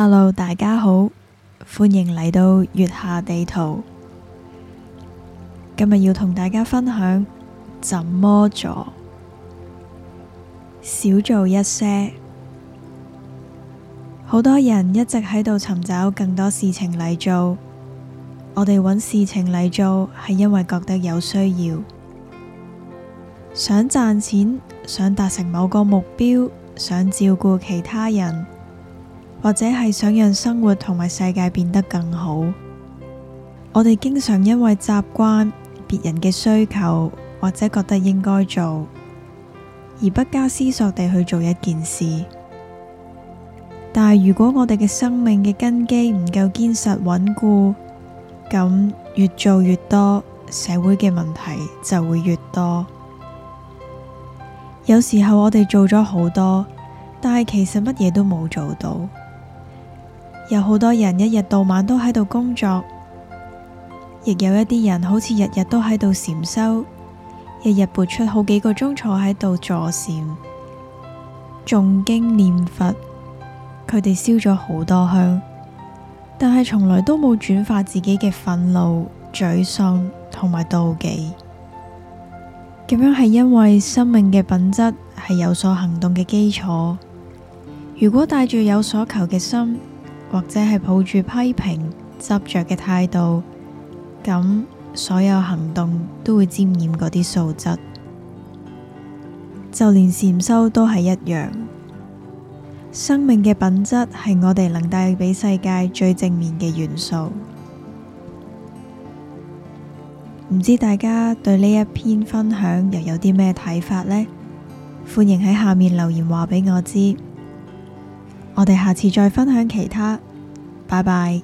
Hello，大家好，歡迎嚟到月下地圖。今日要同大家分享，怎麼坐，少做一些。好多人一直喺度尋找更多事情嚟做。我哋揾事情嚟做，係因為覺得有需要，想賺錢，想達成某個目標，想照顧其他人。或者係想讓生活同埋世界變得更好，我哋經常因為習慣，別人嘅需求，或者覺得應該做，而不加思索地去做一件事。但係如果我哋嘅生命嘅根基唔夠堅實、穩固，咁越做越多，社會嘅問題就會越多。有時候我哋做咗好多，但係其實乜嘢都冇做到。有好多人一日到晚都喺度工作，亦有一啲人好似日日都喺度禪修，日日撥出好幾個鐘坐喺度坐禪、誦經、念佛。佢哋燒咗好多香，但係從來都冇轉化自己嘅憤怒、沮喪同埋妒忌。咁樣係因為生命嘅品質係有所行動嘅基礎。如果帶住有所求嘅心，或者係抱住批評執着嘅態度，咁所有行動都會沾染嗰啲素質，就連禪修都係一樣。生命嘅品質係我哋能帶畀世界最正面嘅元素。唔知大家對呢一篇分享又有啲咩睇法呢？歡迎喺下面留言話畀我知。我哋下次再分享其他，拜拜。